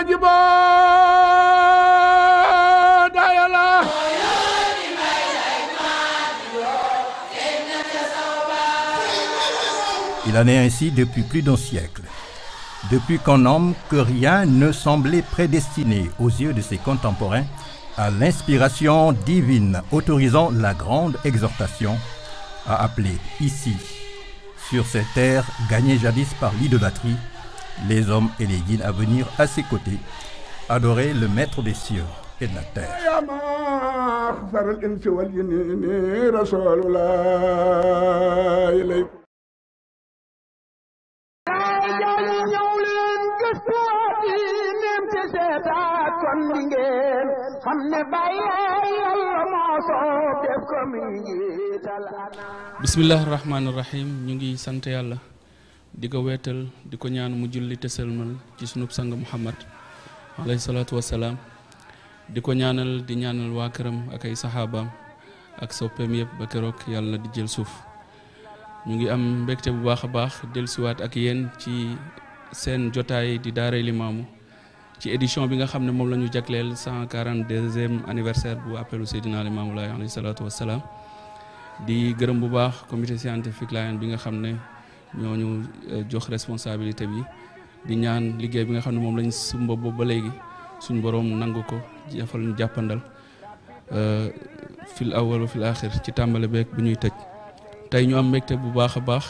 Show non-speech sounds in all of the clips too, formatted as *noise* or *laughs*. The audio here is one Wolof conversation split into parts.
واجبا دايلا Il en est ainsi depuis plus d'un siècle. Depuis qu'un homme que rien ne semblait prédestiné aux yeux de ses contemporains à l'inspiration divine autorisant la grande exhortation à appeler ici, sur ces terres gagnées jadis par l'idolâtrie, les hommes et les djinns à venir à ses côtés adorer le maître des cieux et la terre. bismillaahi rahmaani rahiim ñu ngi sant yàlla di ko weetal di ko ñaan mu julli te sëlmal ci sunub sang muhammad alayhi salaatu wassalaam di ko ñaanal di ñaanal waa këram ak ay saxaabaam ak soppeem yëpp ba keroog yàlla di jël suuf mu ngi am mbégte bu baax a baax siwaat ak yéen ci seen jotaay di daaray limaamu ci édition bi nga xam ne moom la ñu jagleel cent quarante deuxième anniversaire bu appelu Seydina Limaamu Laay alayhi salaatu wassalaam di gërëm bu baax comité scientifique Layène bi nga xam ne ñoo ñu euh, jox responsabilité bi di ñaan liggéey bi nga xam ne moom lañ sumba boobu ba léegi suñu boroom nangu ko jafal ñu jàppandal euh, fil awal wa fil axir ci tàmbale beeg bu ñuy tëj tey ñu am mbégte bu baax a baax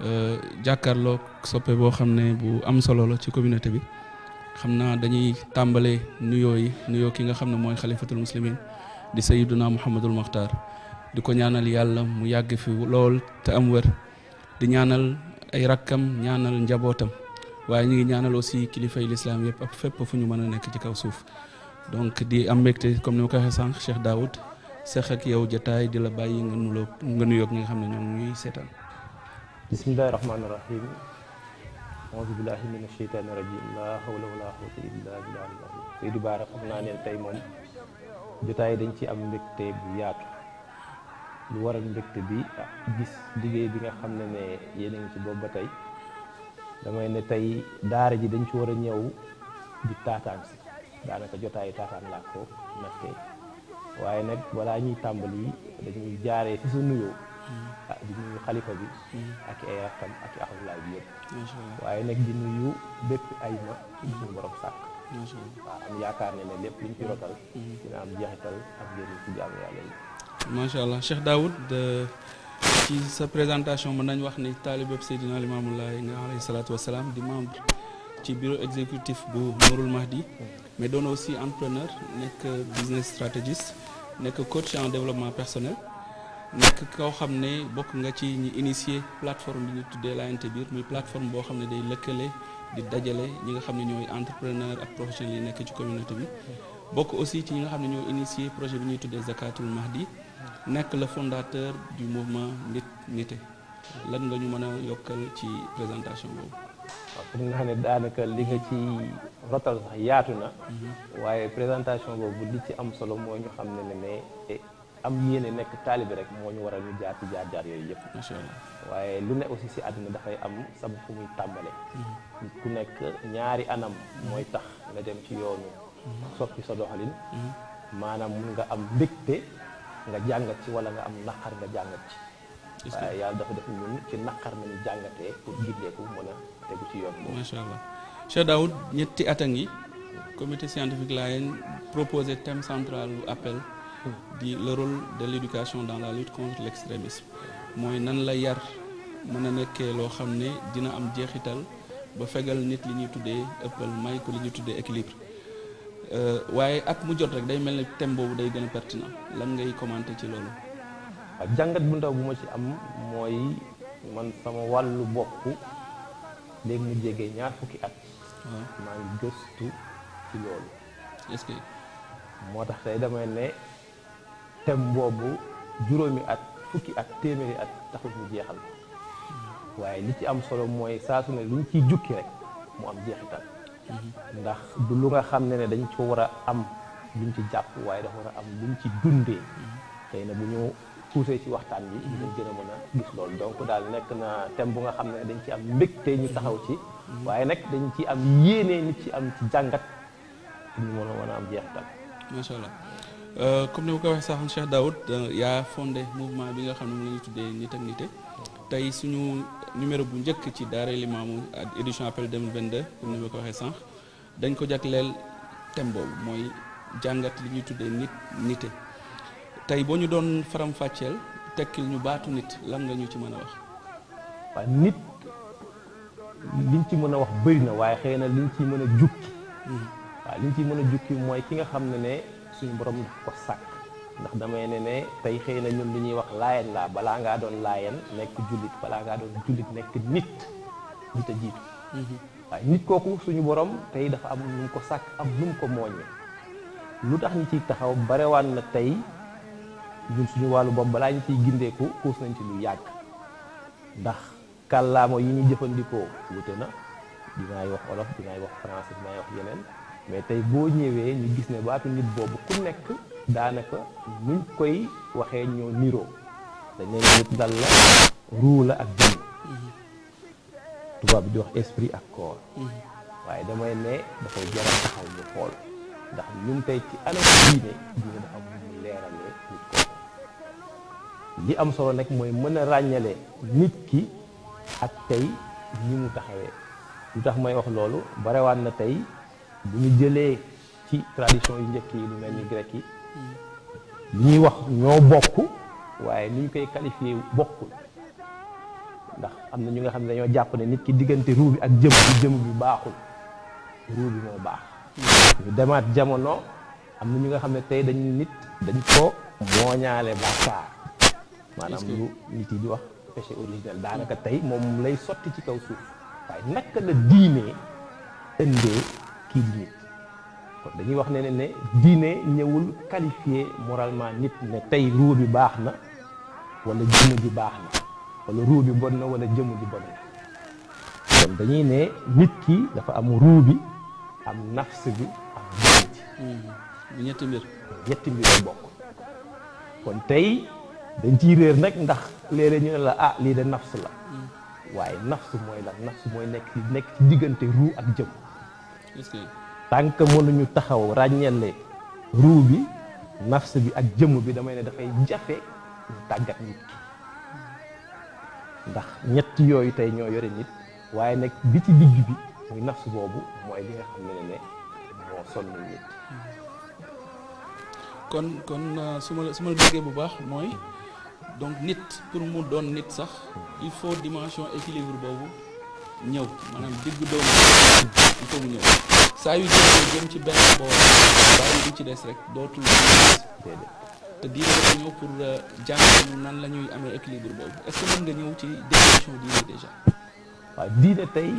euh, jàkkaarloo soppe boo xam ne bu am solo la ci communauté bi xam naa dañuy tàmbale nuyoo yi nuyoo ki nga xam ne mooy xalifatul muslimin di sayiduna muhammadul maxtaar di ko ñaanal yàlla mu yàgg fi lool te am wér di ñaanal ay rakkam ñaanal njabootam waaye ñu ngi ñaanal aussi kilifay lislaam yëpp ak fépp fu ñu mën a nekk ci kaw suuf donc di am mbégte comme ni ma ko waxee sànq Cheikh Daoud seq ak yow jotaay di la bàyyi nga nuyoo nga nuyoog ñi nga xam ne ñoom ñuy seetaan. bismillahi rahmaani rahim auzu billahi min asheytaani rajim laa hawla wala quwwata illa billahi Seydou Bara xam naa ne tey moom jotaay dañ ci am mbégte bu yaatu. lu war waral mbégte bi gis liggéey bi nga xam ne ne yéen a ci boobu ba tey damay ne tey daara ji dañ ci war a ñëw di taataan si daanaka jotaayu taataan laa ko nattee waaye nag balaa ñuy tàmbali dañuy jaaree ci sa nuyoo hmm. ah nuyu xalifa bi hmm. ak ay rakkam ak i axulaay bi yëpp waaye nag di nuyu bépp ay ma suñu borom sàkk waaw am yaakaar ne ne lépp luñ fi rotal hmm. dina am jeexital ak génn ci jaamu yàlla yi macha allah Cheikh Daoud ci sa présentation mën nañ wax ni taalibeb Seydina Limaamu Laay nga alayhi salaatu wasalaam di membre ci bureau exécutif bu Nourul Mahdi mais doon aussi entrepreneur nekk business stratégiste nekk coach en développement personnel nekk koo xam ne bokk nga ci ñi initier plateforme bi ñu tuddee Laayante Biir muy plateforme boo xam ne day lëkkale di dajale ñi nga xam ne ñooy entrepreneur ak professionnels yi nekk ci communauté bi bokk aussi ci ñi nga xam ne ñoo initier projet bi ñuy tuddee Zakatul Mahdi nekk le fondateur du mouvement nit nité lan nga ñu mën a yokkal ci présentation boobu. waaw pour nga xam ne daanaka li nga ci rotal sax yaatu na. Mhm. waaye présentation boobu li ci am solo moo ñu xam ne ne ne eh, am yéene nekk taalibi rek moo ñu waral ñu jaar ci jaar jaar yooyu yëpp. macha allah waaye lu ne aussi si àdduna dafay am sabu fu muy tàmbale. Mhm. ku nekk ñaari anam. mooy tax nga dem ci yoonu. Mhm. soppi sa doxalin. maanaam mun nga am mbégte. nga jàngat ci wala nga am naqar nga jàngat ci waaye yàlla dafa def ñun ci naqar nañu jàngatee pour gindeeku mën a tegu ci yoon boobu macha allah Cheikh Daoud ñetti ata ngi comité scientifique Layène proposé thème central lu appel di le de l'éducation dans la lutte contre l'extrémisme mooy nan la yar mën a nekkee loo xam ne dina am jeexital ba fegal nit li ñuy tuddee ëppal may ko li ñuy tuddee équilibre Euh, waaye at mu jot rek day mel ne thème boobu day gën a lan ngay commenté ci loolu. waaw jàngat bu ndaw bu ma ci am mooy man sama wàllu bopp léegi mu jege ñaar fukki at. maa ngi gëstu ci loolu. est moo tax tey damay ne thème boobu juróomi at fukki at téeméeri at taxul ñu jeexal hmm. waaye li ci am solo mooy saa su ne luñ ciy jukki rek mu am jeexital. ndax du lu nga xam ne ne dañ ci war a am luñ ci jàpp waaye dafa war a am luñ ci dundee xëy na bu ñu tuusee ci waxtaan bi dinañ gën a mën a gis loolu donc daal nekk na thème bu nga xam ne dañ ci am mbégte ñu taxaw ci waaye nag dañ ci am yéenee nit ci am ci jàngat ñu mën a mën a am jeexital macha Euh, comme ni ma ko waxee saxan Cheikh Daoud euh, yaa fondé mouvement bi nga xam ne mu ngi tuddee nit ak nite tey suñu numéro bu njëkk ci daara Limaamu édition appel 2022 comme ni ma ko waxee sànq dañ ko jagleel thème mooy jàngat li ñuy tuddee nit nite tey boo ñu doon faram-fàcceel tekkil ñu baatu nit lan nga ñu ci mën a wax. waaw nit liñ ci mën a wax bëri na waaye xëy na liñ ci mën a jukki. Hmm. waaw liñ ci mën a jukki mooy ki nga xam ne ne. suñu borom daf ko sàkk ndax damay ne ne tey xëy na ñun li ñuy wax laayeen laa balaa ngaa doon laayeen nekk jullit balaa ngaa doon jullit nekk nit nit a jiitu mm-hmm. waaye nit kooku suñu boroom tey dafa am nu mu ko sàkk am nu mu ko mooñee lu tax ñu ciy taxaw bare barewaan na tey ñun suñu wàllu bopp balaa ñu ciy gindeeku kuus nañ ci lu yàgg ndax kàllaama yi ñu jëfandikoo wute na dinaay wax olof dinaay wax français dinaay wax yeneen mais tey boo ñëwee ñu gis ne baatu nit boobu ku nekk daanaka nuñ koy waxee ñoo niroo dañ ne nit dal la ruu la ak jëmm mm-hmm. tubaab bi di wax esprit ak corps mm-hmm. waaye damay ne dafay jaral taxaw ñu xool ndax ñun tey ci anam diine diine dafa am ñu leerale nit kooku li am solo nag mooy mën a ràññale nit ki ak tey ni mu taxawee lu tax may wax loolu barewaan na tey bu ñu jëlee ci tradition yi njëkk yi lu mel ni grec yi li ñuy wax ñoo bokk waaye ni ñu koy qualifié bokkul ndax am na ñu nga xam ne dañoo jàpp ne nit ki diggante ruu bi ak jëm bi jëm bu baaxul ruu moo baax ñu demaat jamono am na ñu nga xam ne tey dañu nit dañ ko mooñaale bàkkaar maanaam lu nit yi di wax péché originel daanaka tey moom lay sotti ci kaw suuf waaye naka la diine indee kii kon dañuy wax ne ne diine ñëwul qualifié moralement nit ne tey ruu bi baax na wala jëmm bi baax na wala ruu bi bon na wala jëmm bi bon na kon dañuy ne nit ki dafa am ruu bi am nafs bi am diine mm-hmm. ñetti mbir ñetti mbir la bokk kon tey dañ ciy réer nag ndax léeg-léeg ñu ne la ah lii de nafs la mm. waaye nafs mooy lan nafs mooy nekk nekk ci diggante ruu ak jëmm tant que mënuñu taxaw ràññele ruu bi nafs bi ak jëmm bi damay ne dafay jafe ñu tàggat nit ki ndax ñett yooyu tey ñoo yore nit waaye nag bi ci digg bi muy nafs boobu mooy li nga xam ne ne moo sonn nit kon kon euh, su ma su ma déggee bu baax mooy donc nit pour mu doon nit sax il faut dimension équilibre boobu ñëw maanaam digg doomu il faut ñëw saa yu jëlee jëm ci benn boor bàyyi li ci des rek dootul te diine dafa ñëw pour euh, jàngal nan la ñuy amee équilibre boobu est-ce mën nga ñëw ci définition diine déjà. waaw diine tey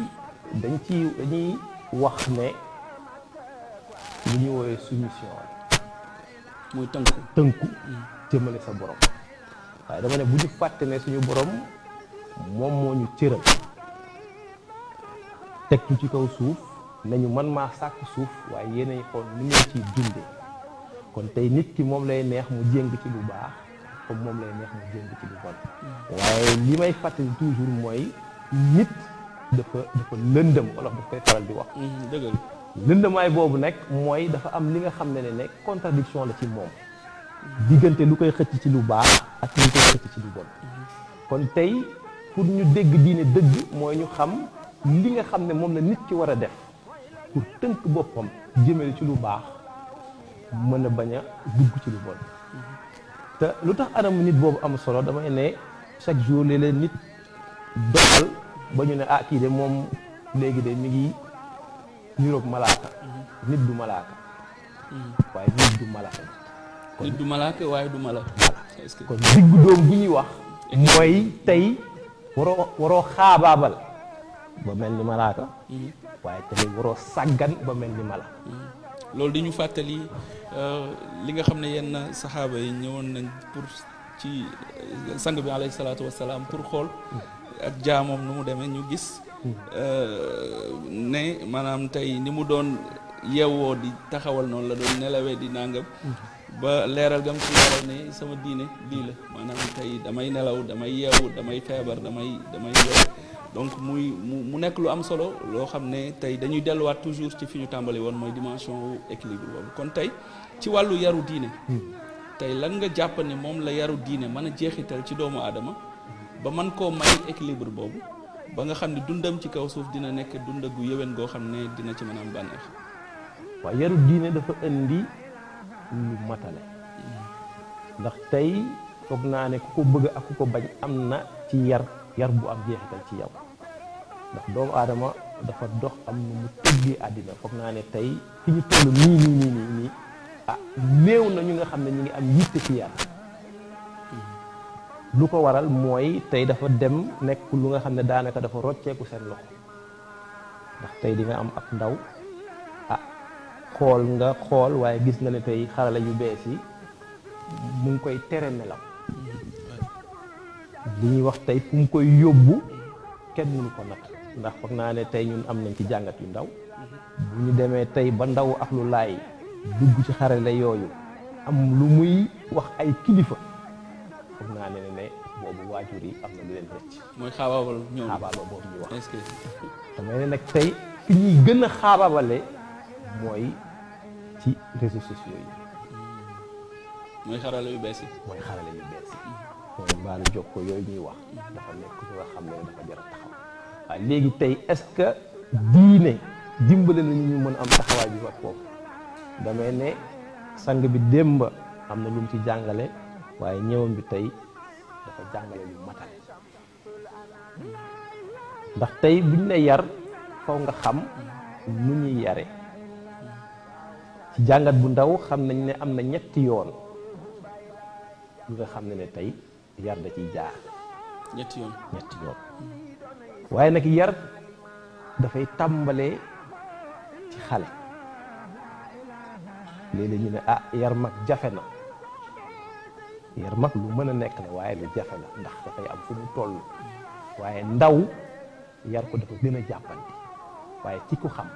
dañ ci dañuy wax ne bu ñuy woowee soumission muy tënku tënku hmm. jëmale sa borom waaye dama ne bu ñu fàtte ne suñu borom moom moo ñu cëral teg ñu ci kaw suuf nañu man maa sàkk suuf waaye yéenay xool ni ngeen ciy dunde kon tey nit ki moom lay neex mu jéng ci lu baax comme moom lay neex mu jéng ci lu bon waaye li may fàttali toujours mooy nit dafa dafa lëndëm wala daf koy faral di wax mm, lëndëmaay boobu nag mooy dafa am li nga xam ne ne ne contradiction la ci moom diggante lu koy xëcc ci lu baax ak lu koy xëcc ci lu bon mm-hmm. kon tey pour ñu dégg diine dëgg mooy ñu xam li nga xam ne moom la nit ki war a def pour tënk boppam jëmale ci lu baax mën a bañ a dugg ci lu bon te lu tax aramu nit boobu am solo damay ne chaque jour léeg-léeg nit doxal ba ñu ne ah kii de moom léegi de mi ngi niroog malaaka nit du malaaka waaye nit du malaaka nit du malaaka waaye du malaaka kon diggu doom bu ñuy wax mooy tey waroo waroo xaabaabal ba mel ni malaaka hmm. waaye tamit waroo sàggan ba mel ni mala hmm. loolu ñu fàttali euh, li nga xam ne yenn saxaaba yi ñëwoon nañ pour ci euh, sang bi alayhi salaatu wasalaam pour xool hmm. ak jaamoom nu mu demee ñu gis euh, ne maanaam tey ni mu doon yeewoo di taxawal noonu la doon nelawee di nangam ba leeral gam ci leeral ne sama diine lii la maanaam tey damay nelaw damay yeewu damay feebar damay damay donc muy mu nekk lu am solo loo xam ne tey dañuy delluwaat toujours ci fi ñu tàmbali woon mooy dimension wu boobu kon tey ci wàllu yaru diine hmm. tey lan nga jàpp ne moom la yaru diine mën a jeexital ci doomu aadama ba man koo may équilibre boobu ba nga xam ne dundam ci kaw suuf dina nekk dund gu yëwén goo xam ne dina ci mën a am bànneex waaw yaru diine dafa indi lu matale ndax tey foog naa ne ku ko bëgg ak ku ko bañ am na ci yar yar bu am jeexital ci yow ndax doomu aadama dafa dox am nu mu tëggee àddina foog naa ne tey fi ñu toll nii nii nii ah néew na ñu nga xam ne ñu ngi am yitte ci yàlla mm-hmm. lu ko waral mooy tey dafa dem nekk lu nga xam ne daanaka dafa rocceeku seen loxo ndax tey di nga am ak ndaw ah xool nga xool waaye gis nga ne tey xarala yu bees yi mu ngi koy tere nelaw mm-hmm. lu ñuy wax tey fu mu koy yóbbu kenn mu ni ko nag ndax foog naa ne tey ñun am nañ ci jàngat yu ndaw bu ñu demee tey ba ndaw ak lu laay dugg ci xarala yooyu am lu muy wax ay kilifa foog naa ne ne boobu waajur yi am na lu leen rëcc. mooy xaabaabal nag tey fi ñuy mooy ci réseaux sociaux yi. mooy xarale yu bees yi. mooy xarale yu bees yooyu ñuy wax. dafa nekk lu nga xam ne dafa jar taxaw. waaw léegi tey est-ce que diine dimbale nañu ñu am taxawaay bi wax foofu damay ne sang bi démb am na lu mu ci jàngale waaye ñëwam bi tey dafa jàngale lu ndax tey buñ ne yar faw nga xam nu ñuy yare ci jàngat bu ndaw xam nañ ne am na ñetti yoon yu nga xam ne ne tey yar da ciy jaar ñetti yoon ñetti yoon waaye nag yar dafay tàmbalee ci xale léeg-léeg ñu ne ah yar mag jafe na yar mag lu mën a nekk la waaye lu jafe la ndax dafay am fu mu toll waaye ndaw yar ko dafa gën a jàppandi waaye ci ku xam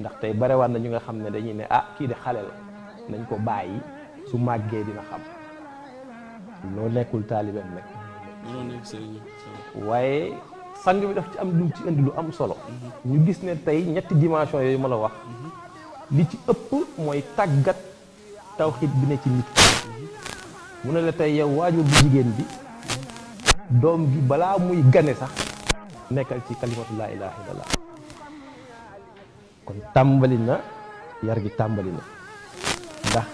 ndax tey barewaan na ñu nga xam ne dañuy ne ah kii de xale la nañ ko bàyyi su màggee dina xam loo nekkul taalibeem nag waaye sang bi daf ci am lu ci indi lu am solo ñu gis ne tey ñetti dimension yooyu ma la wax li ci ëpp mooy tàggat tawxiid bi ne ci nit mu ne la tey yow waajur bu jigéen bi doom gi balaa muy gane sax nekkal ci kalimatu laa ilaha illallah kon tàmbali na yar gi tàmbali na ndax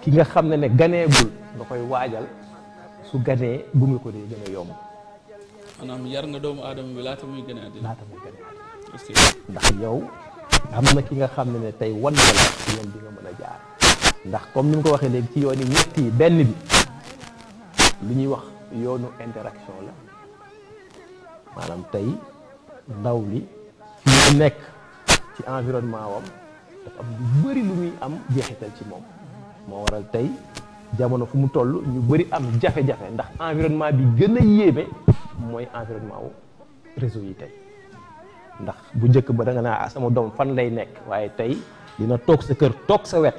ki nga xam ne ne ganeegul nga koy waajal su ganee bu mu ko dee gën a yomb maanaam yar nga doomu aadama bi laata muy gën a àddina a ndax yow am na ki nga xam ne ne tey wan na la a jaar ndax comme ni mu ko waxee léegi ci yoon yi ñett yi benn bi lu ñuy wax yoonu interaction la maanaam tey ndaw li fi nekk ci environnement wam dafa am lu bëri lu muy am jeexital ci moom moo waral tey jamono fu mu toll ñu bëri am jafe-jafe ndax environnement bi gën a yéeme mooy environnement wu réseau yi tey ndax bu njëkk ba danga nga naa ah, sama doom fan lay nekk waaye tey dina toog sa kër toog sa wet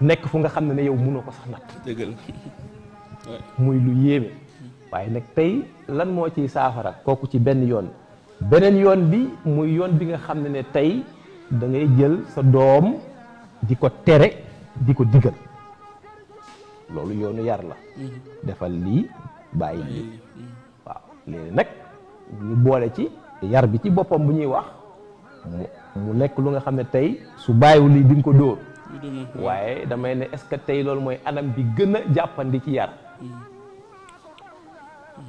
nekk fu nga xam ne ne yow mënoo ko sax natt muy lu yéeme waaye nag tey lan moo ci saafara kooku ci benn yoon beneen yoon bi muy yoon bi nga xam ne ne tey dangay jël sa doom di ko tere di ko digal loolu yoonu yar la mm-hmm. defal lii bàyyi lii mm-hmm. léegi nag ñu boole ci yar bi ci boppam bu ñuy wax mu nekk lu nga xam ne tey su bàyyiwul lii di ko dóor waaye damay ne est-ce que tey loolu mooy anam bi gën a jàppandi ci yar hmm. Hmm.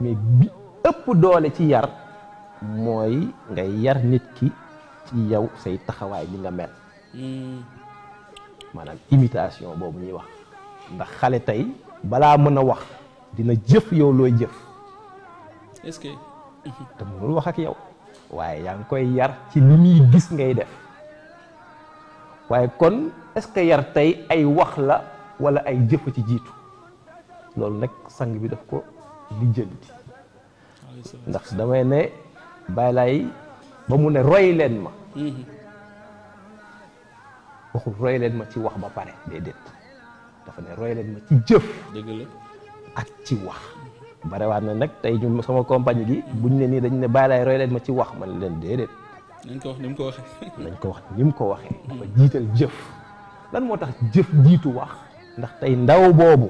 mais bi ëpp doole ci yar mooy ngay yar nit ki ci yow say taxawaay bi nga mel hmm. maanaam imitation boobu ñuy wax ndax xale tey balaa mën a wax dina jëf yow looy jëf est-ce que. te wax ak yow waaye yaa ngi koy yar ci li muy gis ngay def waaye kon est-ce que yar tey ay wax la wala ay jëf ci jiitu loolu nag sang bi daf ko lijjanti ndax damay ne bàyyi laay ba mu ne roy leen ma waxul roy leen ma ci wax ba pare déedéet dafa ne roy leen ma ci jëf dëgg la ak ci wax barewaat na nag tey ñu sama compagnie gi buñ ne nii dañ ne bàyyi laay roy leen ma ci wax man leen déedéet. nañ ko wax ni mu ko waxee. *laughs* nañ ko wax ni mu ko waxee. dafa jiital jëf. moo tax jëf jiitu wax. ndax tey ndaw boobu.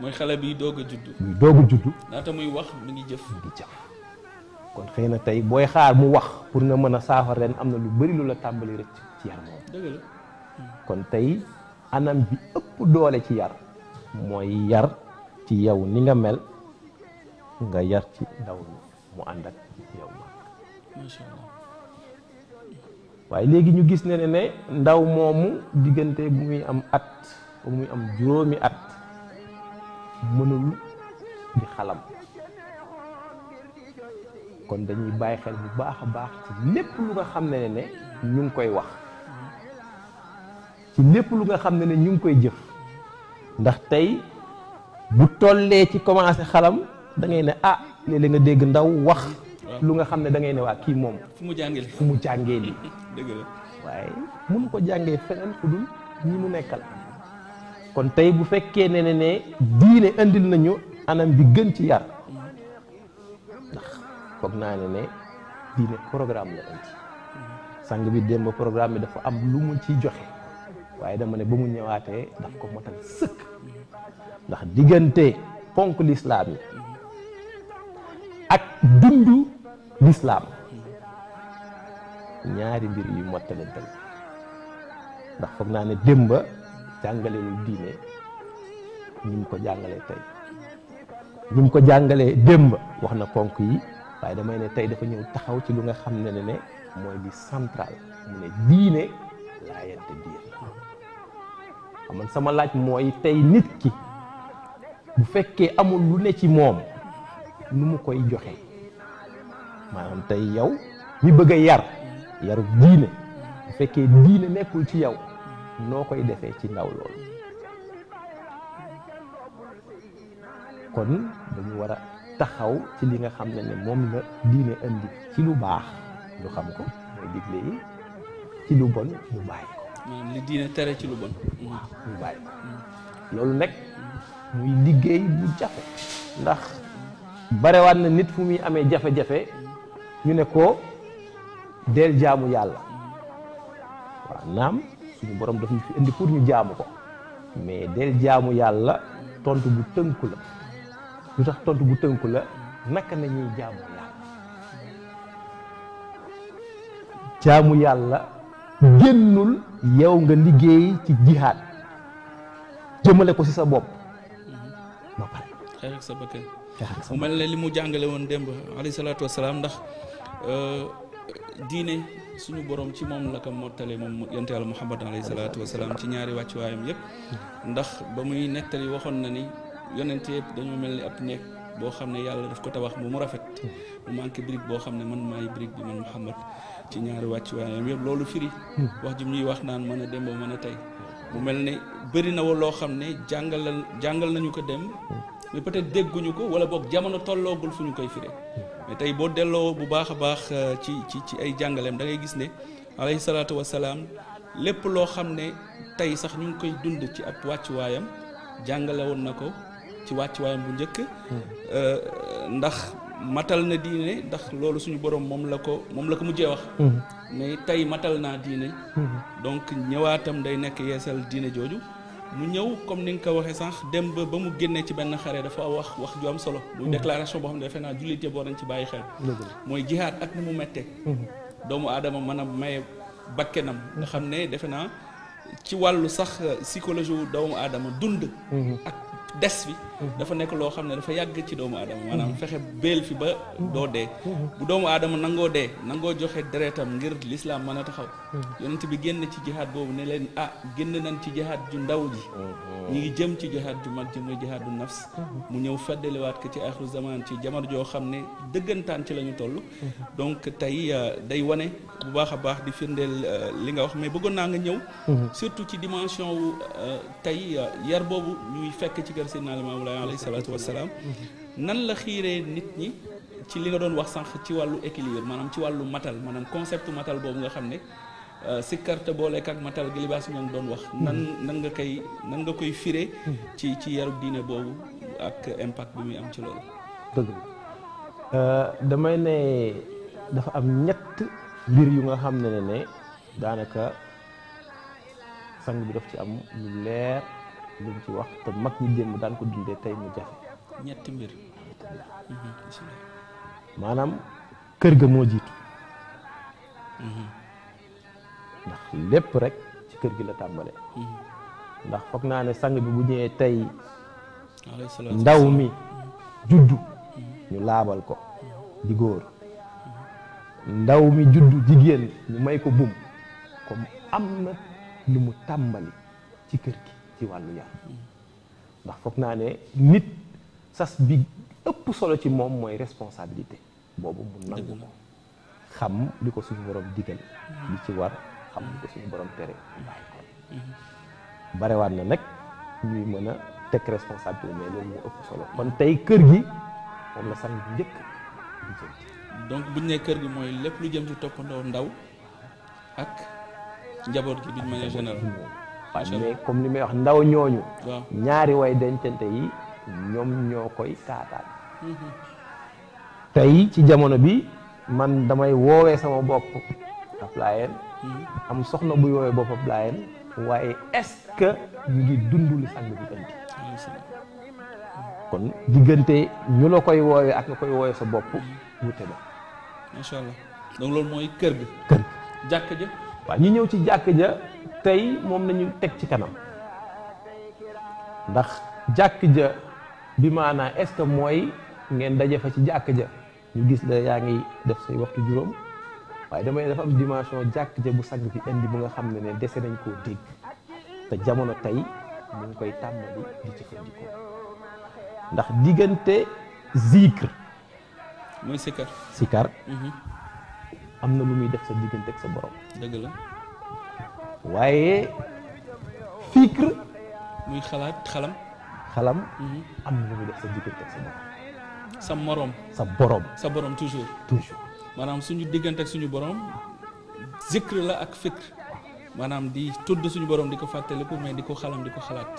mooy xale bi doog a juddu. muy doog juddu. naata muy wax mi ngi jëf. mi ngi jëf kon xëy na tey booy xaar mu wax pour nga mën a saafara ren am na lu bëri lu la tàmbali rek ci yar moom. kon tey anam bi ëpp doole ci yar. mooy yar ci yow ni nga mel. nga yar ci ndaw ñi mu ànd ak yow mag waaye léegi ñu gis ne ne ndaw moomu diggante bu muy am at bu muy am juróomi at mënul di xalam kon dañuy bàyyi xel bu baax a baax ci lépp lu nga xam ne ne ñu ngi koy wax ci lépp lu nga xam ne ne ñu ngi koy jëf ndax tey bu tollee ci commencé xalam da ngay ne ah léeg nga dégg ndaw wax lu nga xam ne da ngay ne waa kii moom su mu jàngee fu mu jàngee li dëgg la waaye mënu ko jàngee feneen fu ñi mu nekkal kon tey bu fekkee ne ne ne diine indil nañu anam bi gën ci yar ndax foog naa ne ne diine programme la indi sang bi démb programme bi dafa am lu mu ci joxe waaye dama ne ba mu ñëwaatee daf ko motal sëkk ndax diggante ponk lislaam yi ak dundu lislaam ñaari mbir yu mottalante la ndax foog naa ne démba jàngalewul diine ni mu ko jàngalee tey luñ ko jàngalee démba wax na konk yi waaye damay ne tey dafa ñëw taxaw ci lu nga xam ne ne mooy di central mu ne diine laayante biir la man sama laaj mooy tey nit ki bu fekkee amul lu ne ci moom nu mu koy joxe maanaam tey yow mi bëgg a yar yaru diine bu fekkee diine nekkul ci yow noo koy defee ci ndaw loolu kon dañu war a taxaw ci li nga xam ne ne moom la diine indi ci lu baax ñu xam ko mooy digle yi ci lu bon ñu bàyyi li diine tere ci lu bon loolu nag muy liggéey bu jafe ndax barewaat na nit fu muy amee jafe-jafe ñu ne ko deel jaamu yàlla waaw naam suñu borom daf ñu fi indi pour ñu jaamu ko mais deel jaamu yàlla tontu bu tënku la lu tax tontu bu tënku la nakk la ñuy jaamu yàlla jaamu yàlla génnul yow nga liggéey ci jihaad jëmale ko ci sa bopp ba mu mel ne li mu jàngale woon démb alayhi salaatu wasalaam ndax euh, diine suñu borom ci moom la ko mottale moom yonte yàlla muhammad alayhi salaatu wasalaam ci ñaari wàccuwaayam ndax ba muy nettali waxoon na ni yonent yëpp dañoo mel ni ab nekk boo xam ne yàlla def ko tabax ba mu rafet mu manqué brique boo xam ne man maay brique bi man muhammad ci ñaari wàcc wàccuwaayam yëpp loolu firi hmm. wax ji ñuy wax naan mën a démb mën a tey mu mel ni bari na loo xam ne jàngal jàngal nañu ko dem mais peut-être dégguñu ko wala boog jamono tolloogul fu ñu koy firee mais tey boo delloo bu baax a baax euh, ci ci ci ay jàngaleem da ngay gis ne alayhi salaatu wasalaam lépp loo xam ne tey sax ñu ngi koy dund ci ab wàccuwaayam jàngale woon na ko ci wàccuwaayam bu njëkk hmm. euh, ndax matal na diine ndax loolu suñu borom moom la ko moom la ko mujjee wax mais mhm. tey matal naa diine mhm. donc ñëwaatam day nekk yeesal diine jooju mu ñëw comme ni nga ko waxee sànq dem ba ba mu génnee ci benn xare dafa wax wax ju am solo muy mhm. déclaration boo xam ne defe naa jullit yëpp nañ ci bàyyi xel mooy jihaad ak ni mu mettee doomu aadama mën a maye bakkenam nga xam ne defe naa ci wàllu sax psychologie wu doomu aadama dund ak des bi dafa nekk loo xam ne dafa yàgg ci doomu aadama mm-hmm. maanaam fexe béel fi ba mm-hmm. doo dee mm-hmm. bu doomu aadama nangoo dee nangoo joxe deretam ngir lislaam mën a taxaw yonent bi génn ci jihaad boobu ne leen ah génn nañ ci jihaad ju ndaw ji ñu ngi jëm ci jihaad ju mag ji muy bu nafs mu ñëw feddaliwaat ko ci axiru zaman ci jamono joo xam ne dëggantaan ci lañu ñu toll donc tey euh, day wane bu baax a baax di firndeel euh, li nga wax mais bëggoon naa nga ñëw surtout ci dimension wu euh, tey yar boobu ñuy fekk ci kër seen rasulullah alayhi salaatu wasalaam nan la xiiree nit ñi ci li nga doon wax sànq ci wàllu équilibre maanaam ci wàllu matal maanaam concept matal boobu nga xam ne euh, si carte booleek ak matal gi libaas ñoo doon wax nan nan nga koy nan nga koy firee ci ci yarub diine boobu ak impact bi muy am ci loolu dëgg euh, ne dafa am ñett mbir yu nga xam ne ne daanaka sang bi daf ci am lu leer luñ ci wax te mag ñi démb daan ko dundee tey mu jafe. ñetti mbir. maanaam kër ga moo jiitu. ndax lépp rek ci kër gi la tàmbale ndax foog naa ne sang bi bu ñëwee tey. ndaw mi juddu. ñu laabal ko. di góor. ndaw mi juddu jigéen ñu may ko bum. comme am na lu mu tàmbali ci kër gi. ci wàllu yar ndax foog naa ne nit sas bi ëpp solo ci moom mooy responsabilité boobu mu nangu ko xam li ko suñu borom digal li ci war xam li ko suñu borom tere bàyyi ko mm-hmm. barewaat na nag ñuy mën a teg responsabilité mais loolu moo ëpp solo kon tey kër gi moom la sax bu njëkk di jëm donc bu ne kër gi mooy lépp lu jëm ci toppandoo ndaw ak njaboot gi d'une manière générale mais comme li may wax ndaw ñooñu. ñaari way dencante yi ñoom ñoo koy taataan. Mhm. tey ci jamono bi man damay woowee sama bopp ab laayeen mhm. am soxna buy woowee bopp ab laayeen waaye est-ce ñu ngi dund li sang diggante ñu la koy woowee ak nga koy woowee sa bopp wute ba gi ñu ñëw ci jàkk ja tey moom lañu teg ci kanam ndax jàkk ja bi maanaa est-ce que mooy ngeen daje fa ci jàkk ja ñu gis la yaa ngi def say waxtu juróom waaye damay dafa am dimension jàkk ja bu sang bi indi bu nga xam ne ne dese nañ koo dégg te jamono tey mu ngi koy tàmbali di jëfandikoo ndax diggante zikr muy sikar sikar mhm. am na lu muy def sa diggante ak sa borom dëgg waaye fikr muy xalaat xalam xalam mhm. am na lu def sa diggante ak sa borom sa morom sa borom sa borom toujours maanaam suñu diggante ak suñu borom zikr la ak fikr maanaam di tudd suñu borom di ko fàttaliku mais di ko xalam di ko xalaat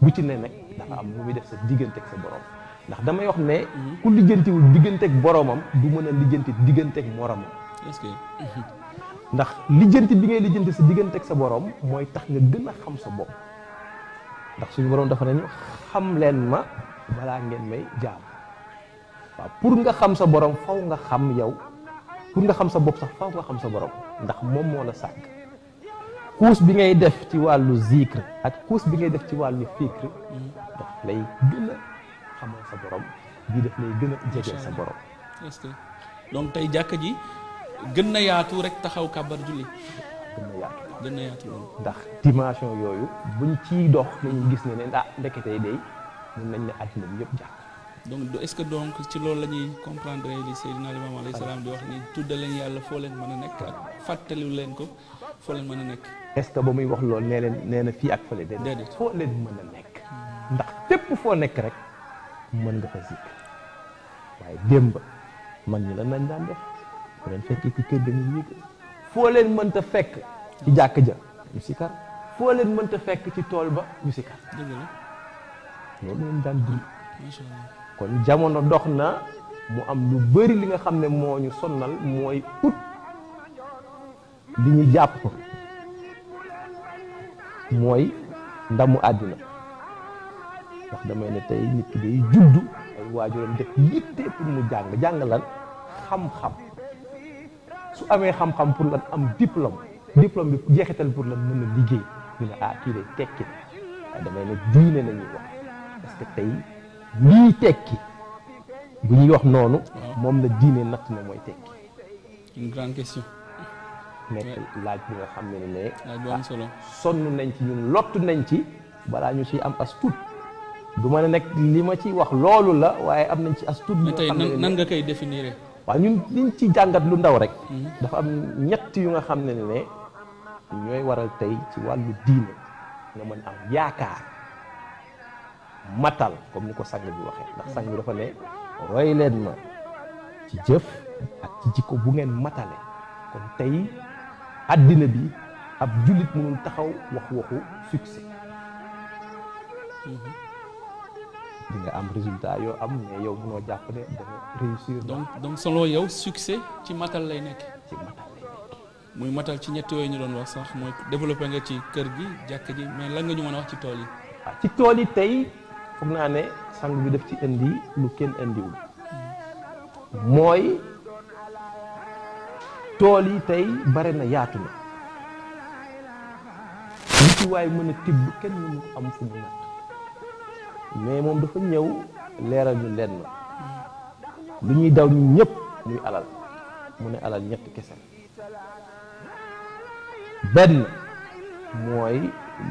bu ci ne nag dafa am lu muy def sa diggante ak sa borom ndax damay wax ne mhm. ku lijjantiwul diggante ak boromam du mën a lijjanti diggante ak moromam *laughs* ndax lijjanti bi ngay lijjanti sa diggante ak sa borom mooy tax nga gën a xam sa bopp ndax suñu borom dafa nañu xam leen ma balaa ngeen may jaam waaw pour nga xam sa borom faw nga xam yow pour nga xam sa bopp sax faw nga xam sa borom ndax moom moo la sàkk kuus bi ngay def ci wàllu zikr ak kuus bi ngay def ci wàllu fikr daf lay gën a xamal sa borom bii def lay gën a jegeel sa borom gën na yaatu rek taxaw kàbbar julli. gën na yaatu. ndax dimension yooyu buñ ci dox nañu gis ne ne ah ndekete yi day mun nañ ne addina bi yëpp jàpp. donc est-ce que donc ci loolu la ñuy comprendre li Seydina Limaamu alayhi salaam di wax ni tudda leen yàlla foo leen mën a nekk leen ko foo leen mën nekk. est-ce que ba muy wax lool nee leen nee na fii ak fële de foo leen mën a nekk. ndax tépp foo nekk rek mën nga fa zikk waaye démb mag ñi la nañ daan def. bu leen fekkee ci kër foo leen mënta fekk ci jàkk ja ñu sikar foo leen mënta fekk ci tool ba ñu sikar loolu leen daan dund kon jamono dox na mu am lu bari li nga xam ne moo ñu sonnal mooy ut li ñu jàpp mooy ndamu àddina ndax damay ne tey nit ki day juddu ay waajuram def yitte pour mu jàng jàng lan xam-xam su amee xam-xam pour lan am diplôme diplôme bi jeexital pour lan mën na liggéey ñu ne ah kii de tekki na ah, damay ne parce que tey lii tekki bu ñuy wax noonu moom la diine natt na mooy tekki une grande question laaj bi nga xam ne ne ne ah, sonn nañ ci ñun lottu nañ ci balaa ñu si am as tuut du ma ne nag li ma ci wax loolu la waaye am nañ ci as tuut mais tey nan nga koy définir waaw ñun liñ ci jàngat lu ndaw rek. dafa am ñett yu nga xam ne ne ñooy waral tey ci wàllu diine nga mën am yaakaar matal comme ni ko sang bi waxee ndax sang bi dafa ne roy leen ma ci jëf ak ci jikko bu ngeen matale kon tey àddina bi ab jullit mënul taxaw wax waxu succès. Mhm. di nga am résultat yoo am mais yow munoo jàpp ne da réussir. donc donc selon yow succès ci matal lay nekk. ci matal lay nekk. muy matal ci ñett yooyu ñu doon wax sax mooy développé nga ci kër gi jàkk ji mais lan nga ñu mën a wax ci tool yi. Ah, ci tool yi tey foog naa ne sang bi def ci indi lu kenn indiwul. mooy tool yi tey bare na yaatu na. li ci waay mën a tibb kenn mënu am fu mu mais moom dafa ñëw leeral ñu lenn lu ñuy daw ñu ñëpp ñuy alal mu ne alal ñetti kese benn mooy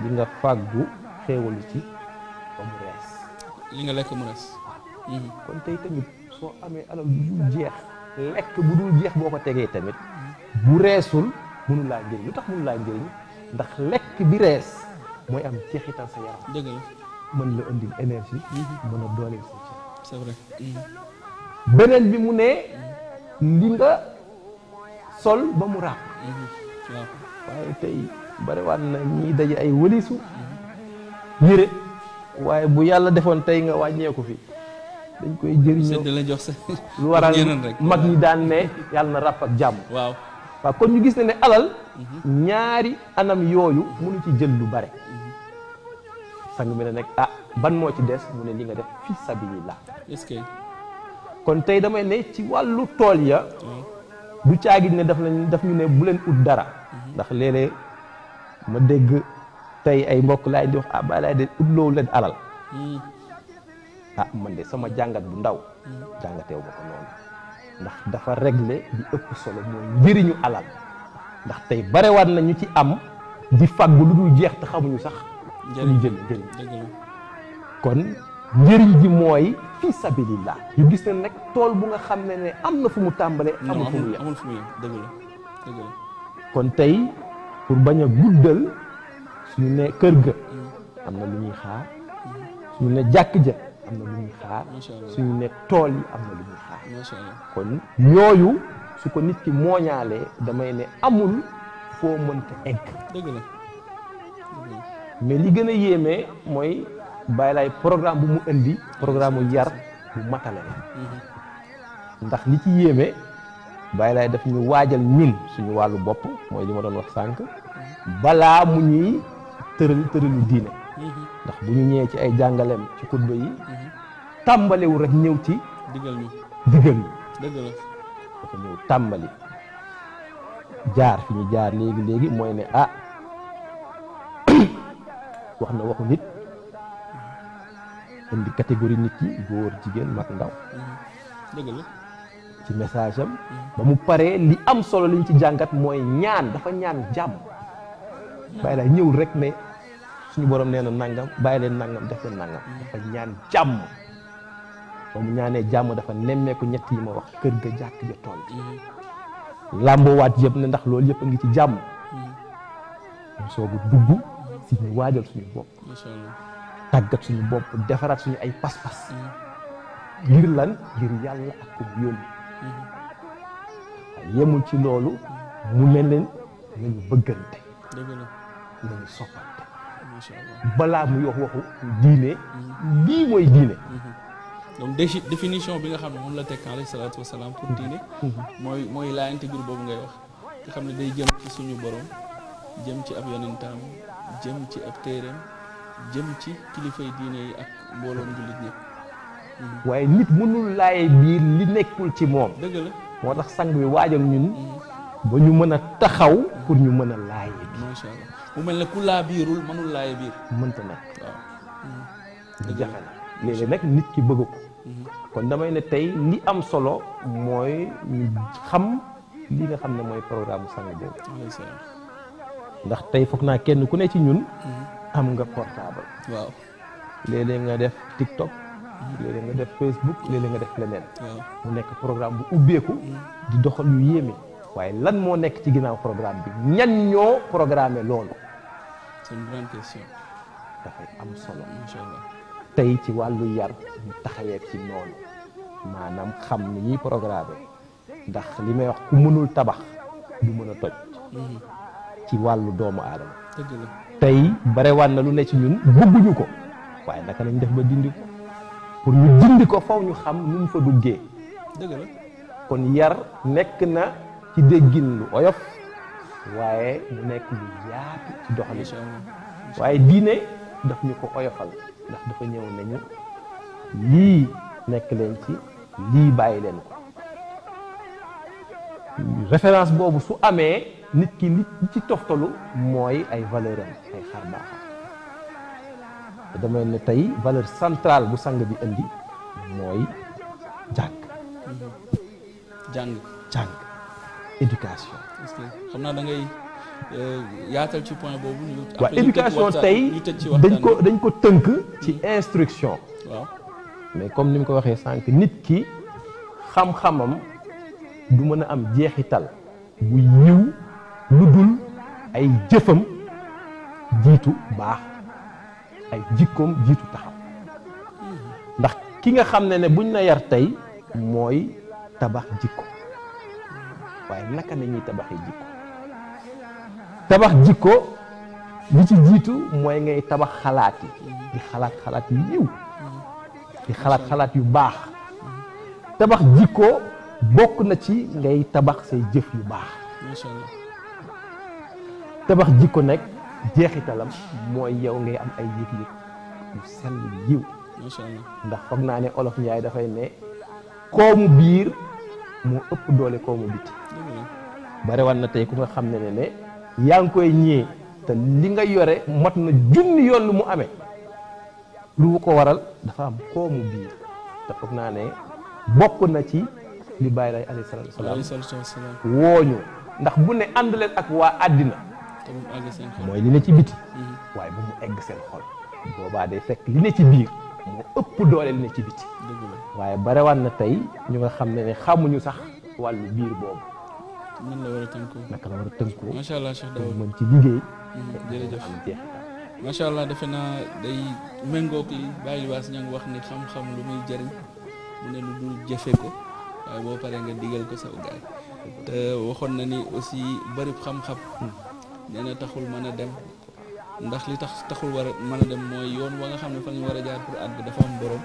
li nga fàggu xéewalu ci ba mu rees li nga lekk mu rees kon tey tamit soo amee alal bu dul jeex lekk bu dul jeex boo ko tegee tamit bu reesul mënu laa njëriñ lu tax mënu laa njëriñ ndax lekk bi rees mooy am jeexital sa yaram mën la indil énergie. Mhm. mën a dooleel mhm. beneen bi mu ne li nga sol ba mu raap. Mhm. waaye tey bariwaat na ñiy daje ay wëlisu yére waaye bu yàlla defoon tey nga wàññeeku fi dañ koy jëriñoo la jox sa lu waral *laughs* mag ñi daan ne yàlla na ràpp ak jàmm waaw kon ñu gis ne ne alal ñaari anam yooyu mënu ci jël lu bare sang bi ne nag ah ban moo ci des mu ne li nga def fi sabilillah est-ce kon tey damay ne ci wàllu tool ya du caagi ne daf lañ daf ñu ne bu leen ut dara mhm. ndax léeg ma dégg tey ay mbokk laay di wax ah bàyyi laay de ut loolu leen alal mhm. ah man de sama jàngat bu ndaw mhm. jàngateew ma ko noonu ndax dafa régler di ëpp solo mooy njëriñu alal ndax tey barewaat na ñu ci am di fàggu lu dul jeex te xamuñu sax ku njëriñ kon njëriñ ji mooy fii yu gis ne nag tool bu nga xam ne ne am na fu mu tàmbalee amul fu mu yem kon tey pour bañ a guddal suñu ne kër ga hmm. am na lu ñuy xaar suñu ne jàkk ja am na lu ñuy xaar suñu ne tool yi am na lu ñuy xaar macha kon yooyu su ko nit ki mooñaalee damay ne amul foo mënta egg mais li gën a yéeme mooy bàyyi laay programme bu mu indi programme mu yar bu matale la mm-hmm. ndax li ci yéeme bàyyi laay daf ñu waajal ñun suñu wàllu bopp mooy li ma doon wax sànq balaa mu ñuy tëral tëralu diine mm-hmm. ndax bu ñu ñëwee ci ay jàngaleem ci xutba yi mm-hmm. tàmbaliwu rek ñëw ci digal ñu digal ñu dëgg dafa ñëw tàmbali jaar fi ñu jaar léegi léegi mooy ne ah wax na waxu nit indi catégorie nit ki góor jigéen mag ndaw dëgg ci message ba mu paree li am solo liñ ci jàngat mooy ñaan dafa ñaan jàmm bàyyi laa ñëw rek ne suñu borom nee na nangam bàyyi leen nangam def na nangam dafa ñaan jàmm ba mu ñaanee jàmm dafa nemmeeku ñett yi ma wax kër ga jàkk ja tool làmboowaat yëpp ne ndax loolu yëpp a ngi ci jàmm mm. soogu dugg si ñu waajal suñu bopp tàggat suñu bopp defaraat suñu ay pas-pas mm-hmm. ngir lan ngir yàlla ak ko bu mm-hmm. yemul ci loolu mm-hmm. mu ne leen nañu bëggante nañu soppante balaa muy wax waxu diine lii mooy diine donc bi nga xam ne moom la tekk alayhi salaatu wasalaam pour diine mooy mooy laayante ngir boobu ngay wax nga xam ne day jëm ci suñu borom jëm ci ab yonentam jëm ci ab téereem jëm ci kilifay diine yi ak mbooloom jullit ñëpp waaye nit mënul laaye biir li nekkul ci moom dëgg la moo tax sang bi waajal ñun ba ñu mën a taxaw pour ñu mën a laaye biir mu mel ne ku biir mënta nag waaw jafe na léeg-léeg nag nit ki bëgg ko kon damay ne tey li am solo mooy xam li nga xam ne mooy programme sang boobu ndax tey foog naa kenn ku ne ci ñun. Mm-hmm. am nga portable. waaw léeg nga def TikTok. léeg nga def Facebook léeg nga def leneen. mu nekk programme bu ubbeeku. Mm-hmm. di doxal yu yéeme. waaye lan moo nekk ci ginnaaw programme bi ñan ñoo programmé loolu. c'est une solo. macha tey ci wàllu yar ñu taxawee ci noonu maanaam xam ni ñuy programmé ndax li may wax ku mënul tabax du mën a toj. Mm-hmm. ci wàllu doomu aadama tey bare barewaat na lu ne ci ñun bëgguñu ko waaye naka lañ def ba dindi ko pour ñu dindi ko faw ñu xam nu mu fa duggee kon yar nekk na ci déggin lu oyof waaye mu nekk lu yaatu ci doxali waaye diine daf ñu ko oyofal ndax dafa ñëw nañu lii nekk leen ci lii bàyyi leen ko référence boobu su amee nit ki nit ci toftalu mooy ay valeur am ay xar baaxam te dama ne tey valeur centrale bu sang bi indi mooy jàng. jàng jàng éducation. xam naa da ngay euh, yaatal ci point boobu. waaw éducation tey dañ ko dañ ko tënk ci hmm. instruction. waaw mais comme ni mu ko waxee sànq nit ki xam-xamam du mën a am jeexital bu yiw. lu dul ay jëfam jiitu baax ay jikkoom jiitu taxam ndax ki nga xam ne ne buñ na yar tey mooy tabax jikko waaye naka na ñuy tabaxee jikko tabax jikko li ci jiitu mooy ngay tabax xalaat di xalaat xalaat yiw di xalaat xalaat yu baax tabax jikko bokk na ci ngay tabax say jëf yu baax. Masha tabax jikko nekk jeexitalam mooy yow ngay am ay yëg-yëg yu sell yiw ndax foog naa ne olof Njaay dafay ne koomu biir moo ëpp doole koomu biti bari wan na tey ku nga xam ne ne yaa ngi koy ñëwee te li nga yore mat na junni yoon lu mu amee lu ko waral dafa am koomu biir te foog naa ne bokk na ci li bàyyi lay alayhi salaatu wooñu ndax bu ne ànd ak waa àddina mooy li ne ci biti waaye bu mu egg seen xol boobaa day fekk li ne ci biir moo ëpp doole li ne ci biti waaye barewaan na tey ñu nga xam ne ne xamuñu sax wàllu biir boobu nan la war macha allah Cheikh Daouda mën ci liggéey mm-hmm. jërëjëf macha allah defe naa day méngoog li bàyyi waas ña ngi wax ni xam-xam lu muy jëriñ mu ne lu dul jëfe ko waaye boo paree nga digal ko saw gaay mm-hmm. te waxoon na ni aussi bërib xam-xam mm-hmm. nee na taxul mën a dem ndax li tax taxul war a mën a dem mooy yoon wa nga xam ne fa ñu war a jaar pour àgg dafa am borom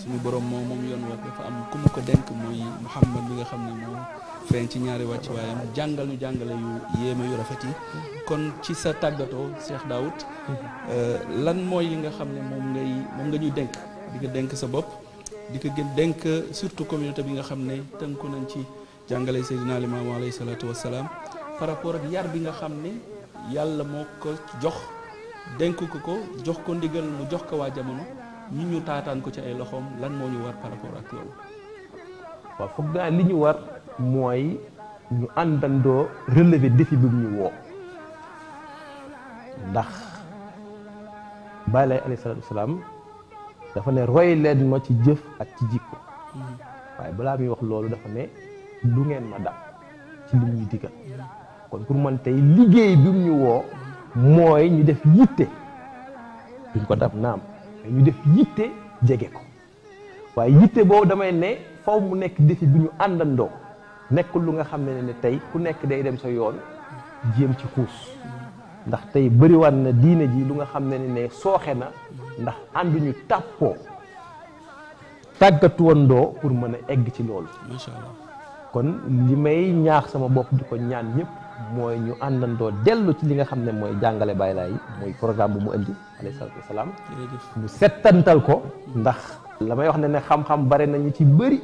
suñu borom moom moom yoon wa dafa am ku mu ko denk mooy Muhammad bi nga xam ne moom feeñ ci ñaari wàcc waayam jàngal ñu jàngale yu yéeme yu rafet yi kon ci sa tàggatoo Cheikh Daoud euh, lan mooy li nga xam ne moom ngay moom nga ñu denk di ko denk sa bopp di ko gën denk surtout communauté bi nga xam ne tënku nañ ci jàngale Seydina Limaamu alayhi salaatu wassalaam par ak yar bi nga xam ne yàlla moo ko jox dénk ko ko jox ko ndigal mu jox ko waa jamono ñu ñu taataan ko ci ay loxoom lan moo ñu war par rapport ak loolu. waaw foog naa li ñu war mooy ñu àndandoo relever défi bi ñu woo ndax bàyyi lay alayhi dafa ne roy leen ma ci jëf ak ci jikko hmm. balaa muy wax loolu dafa ne du ngeen ma dab ci li ñuy digal hmm. kon pour man tey liggéey bi ñu woo mooy ñu def yitte duñ ko dab naam mais ñu def yitte jege ko waaye yitte boobu damay ne faw mu nekk defi bu ñu àndandoo nekk lu nga xam ne ne tey ku nekk day dem sa yoon jéem ci xuus ndax tey bëriwaat na diine ji lu nga xam ne ne sooxe na ndax ànduñu tàppoo tàggatuwandoo pour mën a egg ci loolu. macha kon li may ñaax sama bopp di ko ñaan ñëpp. mooy ñu àndandoo dellu ci li nga xam ne mooy jàngale Baay Laay mooy programme bu mu indi alayhi salaatu wasalaam mu settantal ko ndax la may wax ne ne xam-xam bare nañu ci bëri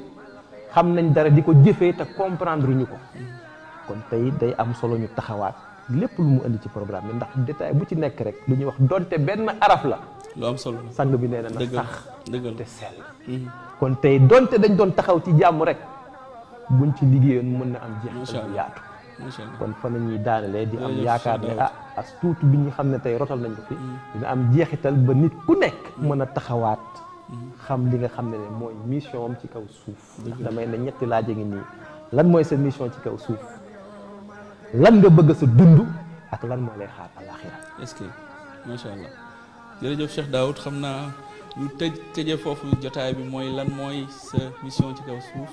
xam nañ dara di ko jëfee te comprendre ñu ko kon tey day am solo ñu taxawaat lépp lu mu ci programme bi ndax détail bu ci nekk rek lu ñuy wax donte benn araf la lu am sang bi nee na na sax te sell mhm. kon tey donte dañ doon taxaw ci jàmm rek buñ ci liggéeyoon mën na am jeexital bu yaatu kon fa la ñuy daanalee di am yaakaar ne ah as tuuti bi ñu xam ne tey rotal nañ ko fi mm. dina am jeexital ba nit ku nekk mm. mën a taxawaat mm. xam li nga xam ne ne mooy mission am ci kaw suuf ndax damay ñetti laaj a lan mooy sa ci kaw suuf lan nga bëgg sa dund ak lan moo lay xaar alaxira est-ce que macha allah jërëjëf Cheikh Daoud xam naa ñu tëj tëje foofu jotaay bi mooy lan mooy sa mission ci kaw suuf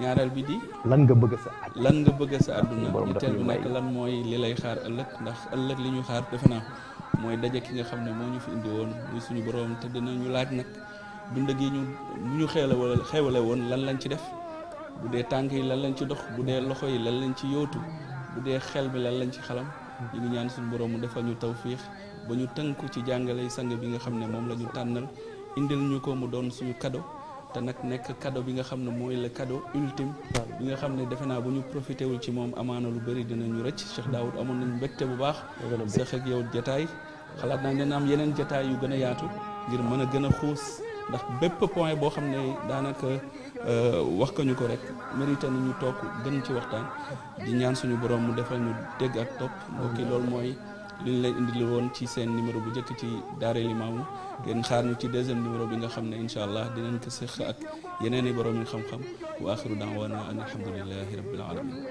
ñaareel bi di. lan nga bëgg sa lan nga bëgg sa àdduna ñetteel bi nag lan mooy li lay xaar ëllëg ndax ëllëg li ñu xaar defe naa mooy daje ki nga xam ne moo ñu fi indi woon muy suñu borom te dinañu laaj nag dund gi ñu ñu xeele wala xewale woon lan lañ ci def bu dee tànk yi lan lañ ci dox bu dee loxo yi lan lañ ci yootu bu dee xel bi lan lañ ci xalam. ñu ñaan suñu borom mu defal ñu tawfiix ba ñu tënku ci jàngale sang bi nga xam ne moom la ñu tànnal indi ñu ko mu doon suñu kado te nag nekk cadeau bi nga xam ne mooy le cadeau ultime bi nga xam ne defe naa bu ñu profité wul ci moom amaana lu bëri ñu rëcc Cheikh Daoud amoon nañu mbégte bu baax sax ak yow jataay xalaat naa dina am yeneen jataay yu gën a yaatu ngir mën a gën a xuus ndax bépp point boo xam ne daanaka euh, wax ko ñu ko rek mérite nañu toog gën ci waxtaan di ñaan suñu borom mu defal ñu dégg ak topp mbokki loolu mooy li ñu lay indil ci seen numéro bu njëkk ci Daara Limaamu ngeen xaar ñu ci deuxième bi nga xam ne incha allah dinañ ko séq ak yeneen i borom yu xam-xam wa axiru daawaana an alhamdulilahi rabbil alamin